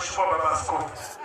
Yeshua Baba's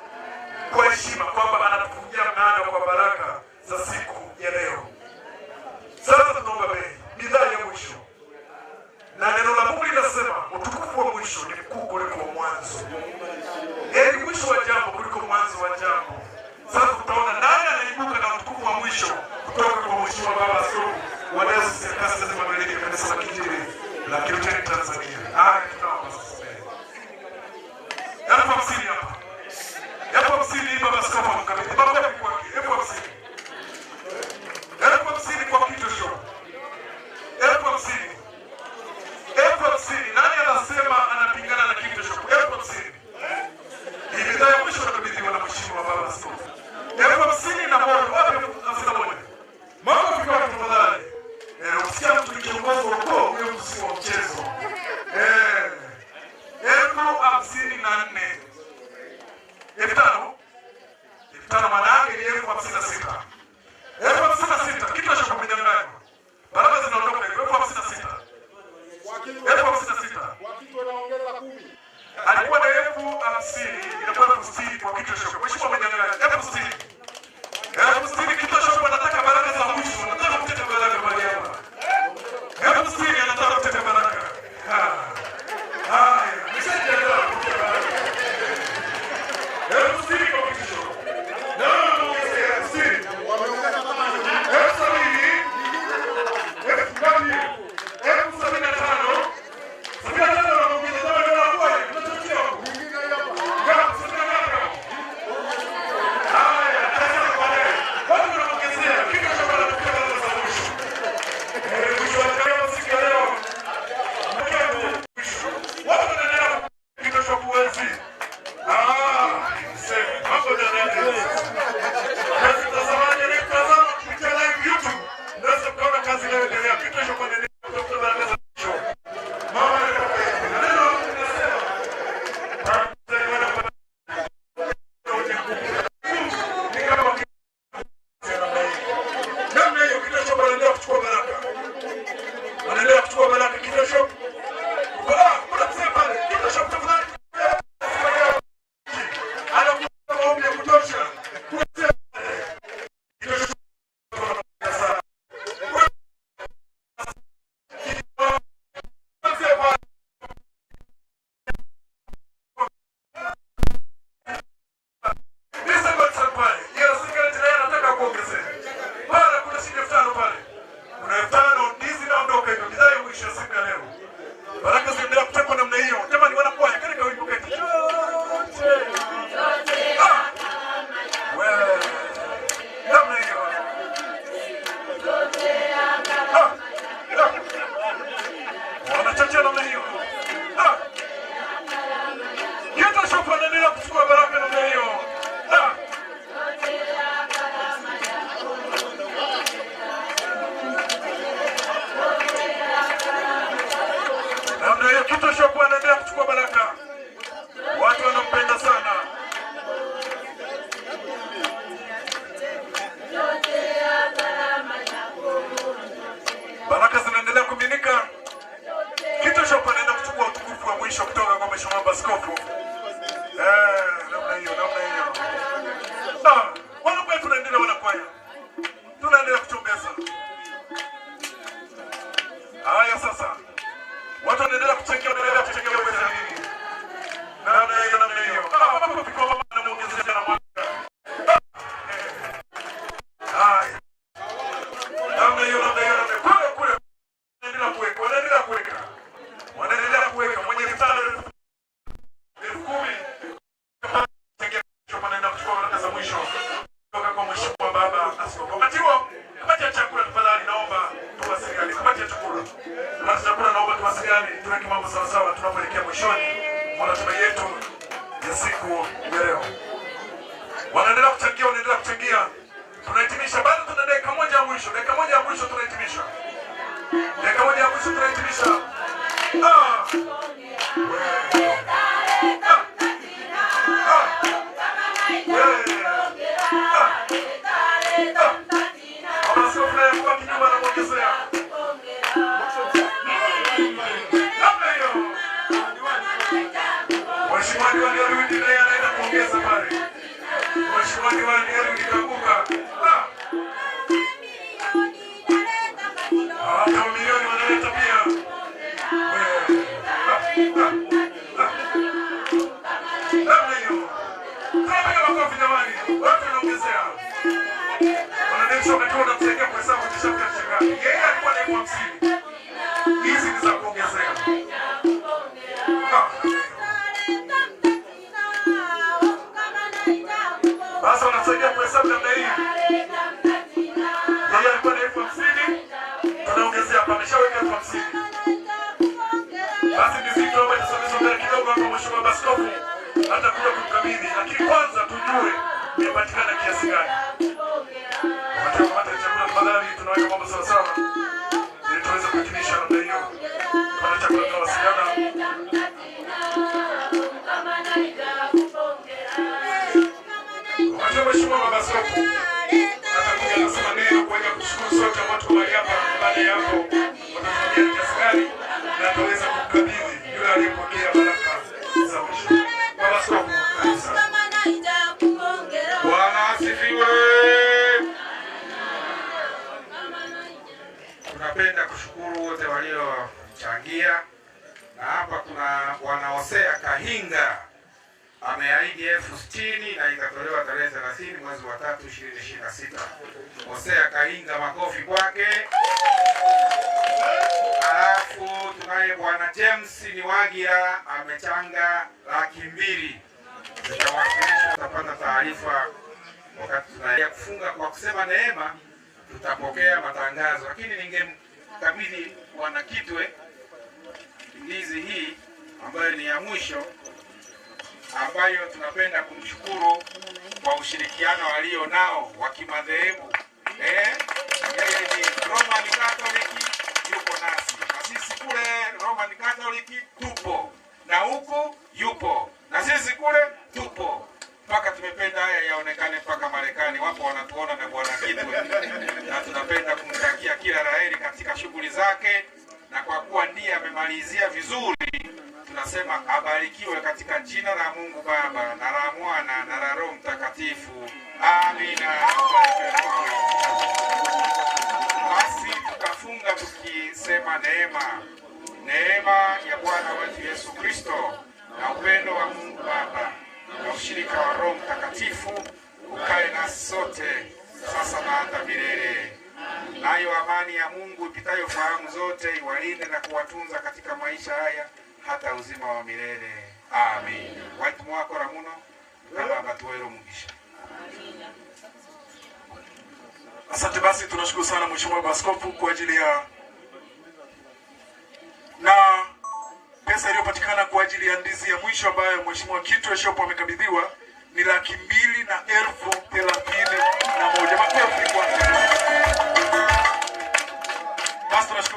up to a essa, sabe? tunaendelea kuchangia, unaendelea kuchangia, tunahitimisha. Bado tuna dakika moja ya mwisho, dakika moja ya mwisho, tunahitimisha, dakika moja ya mwisho, tunahitimisha. ah. everyone, everyone. ya Kahinga ameahidi elfu sitini na ikatolewa tarehe 30 mwezi wa tatu 2026. Hosea Kahinga, makofi kwake. Alafu tunaye bwana James wagia amechanga laki mbili. Tutawakilisha, tutapata taarifa wakati tunaelekea kufunga kwa kusema neema, tutapokea matangazo, lakini ningemkabidhi bwana Kitwe ndizi hii ambayo ni ya mwisho ambayo tunapenda kumshukuru kwa ushirikiano walio nao wa kimadhehebu. Eh, yeye ni Roman Catholic yuko nasi na sisi kule Roman Catholic tupo na huku yupo na sisi kule tupo mpaka tumependa haya yaonekane mpaka Marekani, wapo wanatuona na Bwana Kitwe na tunapenda kumtakia kila laheri katika shughuli zake, na kwa kuwa ndiye amemalizia vizuri Anasema abarikiwe katika jina la Mungu Baba na la Mwana na la Roho Mtakatifu. Amina. Basi tukafunga tukisema neema, neema ya Bwana wetu Yesu Kristo na upendo wa Mungu Baba na ushirika wa Roho Mtakatifu ukae nasi sote sasa na hata milele. Nayo amani ya Mungu ipitayo fahamu zote iwalinde na kuwatunza katika maisha haya hata uzima wa milele amen amina watumwakora muno kama batuwero mugisha Asante basi, tunashukuru sana Mheshimiwa Baskofu kwa ajili ya na pesa iliyopatikana kwa ajili ya ndizi ya mwisho ambayo Mheshimiwa Kitwe shop amekabidhiwa ni laki mbili na elfu thelathini na moja makofi kwa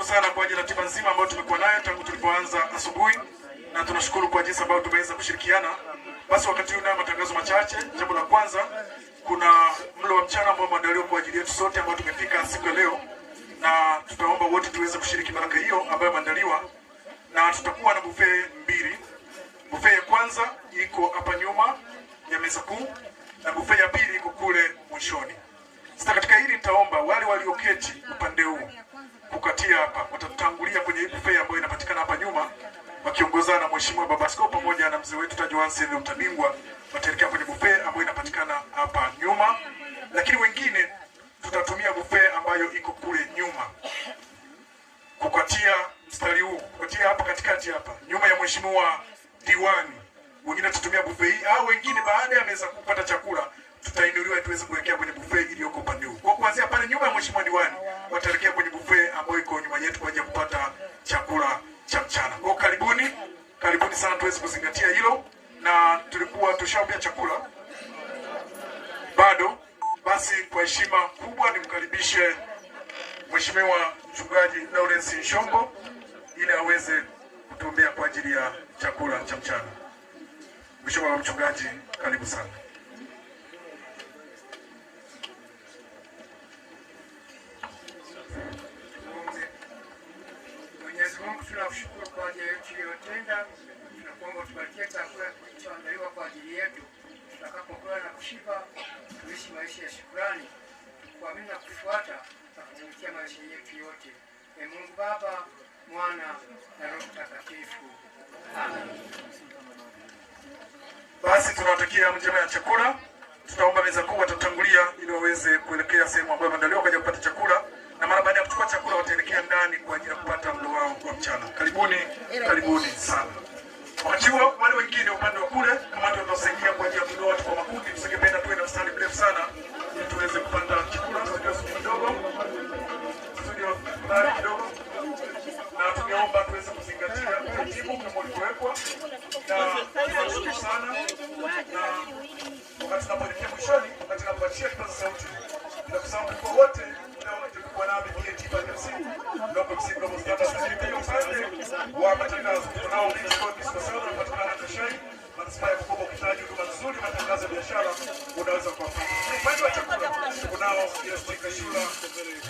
sana kwa ajili ya ratiba nzima ambayo tumekuwa nayo tangu tulipoanza asubuhi, na tunashukuru kwa jinsi ambayo tumeweza kushirikiana. Basi wakati huu nayo matangazo machache. Jambo la kwanza, kuna mlo wa mchana ambao umeandaliwa kwa ajili yetu sote ambao tumefika siku ya leo, na tutaomba wote tuweze kushiriki baraka hiyo ambayo imeandaliwa, na tutakuwa na buffet mbili. Buffet ya kwanza iko hapa nyuma ya meza kuu na buffet ya pili iko kule mwishoni. Sasa katika hili nitaomba wale walioketi upande huu watakapokatia hapa watatangulia kwenye hii buffet ambayo inapatikana hapa nyuma wakiongozana na mheshimiwa baba askofu pamoja na mzee wetu Taji Wansen Lutabingwa, wataelekea kwenye buffet ambayo inapatikana hapa nyuma, lakini wengine tutatumia buffet ambayo iko kule nyuma kukatia mstari huu kukatia hapa katikati hapa nyuma ya mheshimiwa diwani. Wengine tutumia buffet hii au wengine baada ya meza kupata chakula tutainuliwa tuweze kuelekea kwenye buffet iliyoko pande huu, kwa kuanzia pale nyuma ya mheshimiwa diwani na tulikuwa tushaombea chakula bado. Basi kwa heshima kubwa nimkaribishe Mheshimiwa Mchungaji Lawrence Nshombo ili aweze kutuombea kwa ajili ya chakula cha mchana. Mheshimiwa Mchungaji, karibu sana. Mwenyezi Mungu tunamshukuru kwa ajili ya yote tunapomba tupatie chakula kilichoandaliwa kwa ajili yetu, tutakapokula na kushiba, tuishi maisha ya shukrani, kuamini na kufuata na kutumikia maisha yetu yote. E Mungu Baba, Mwana na Roho Mtakatifu. Amen. Basi tunawatakia mjema ya chakula. Tutaomba meza kubwa, watatangulia ili waweze kuelekea sehemu ambayo maandaliwa kwa kupata chakula. Karibuni matangazo ya biashara, unaweza kuwapata upande wa chakula. Kunao Kashula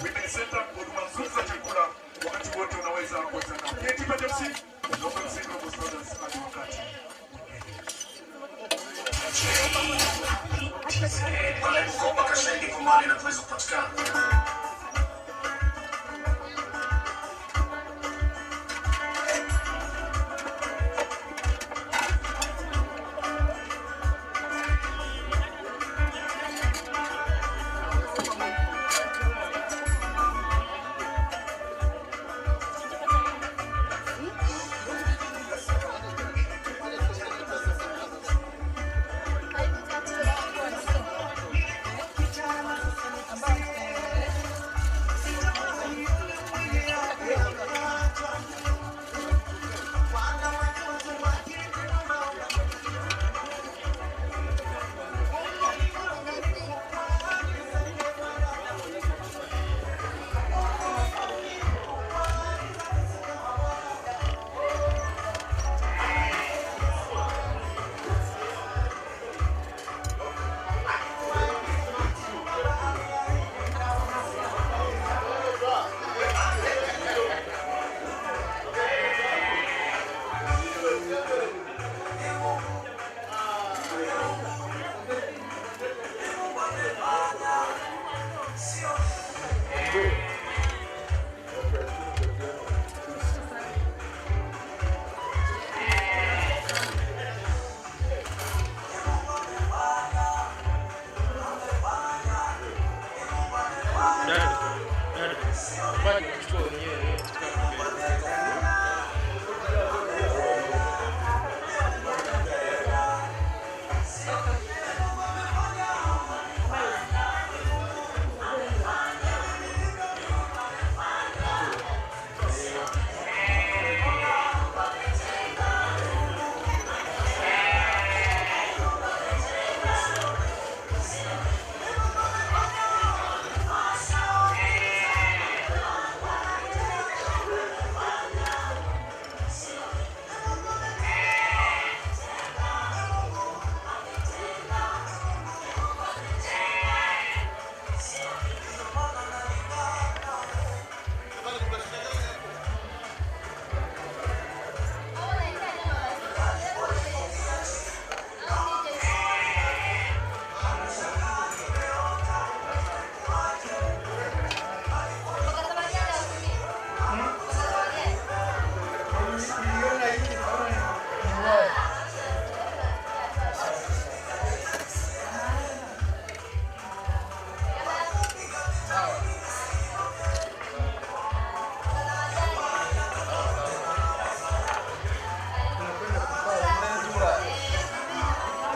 Women Center, huduma nzuri za chakula wakati wote, unaweza kuwasiliana wakati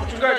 Último lugar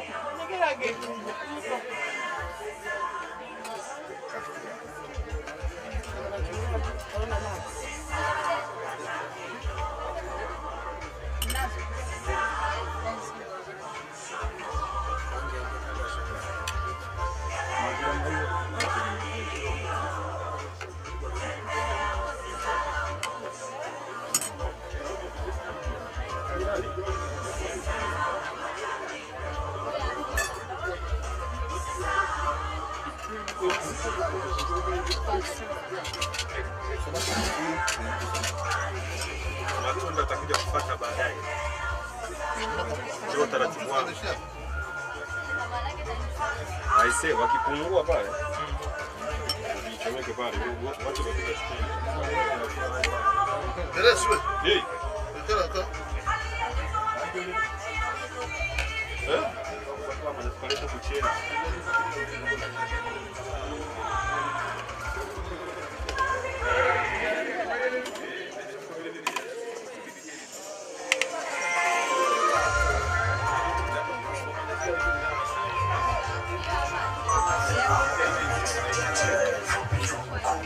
해결하게 Matunda atakuja kupata baadaye, ndio taratibu wangu aise, wakipungua pale ichomeke pale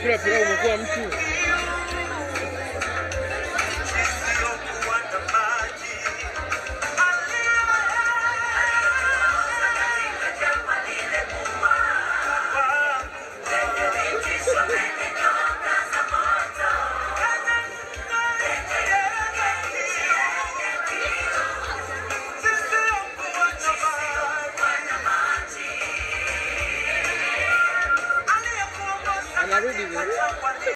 过来，过来，我们关注。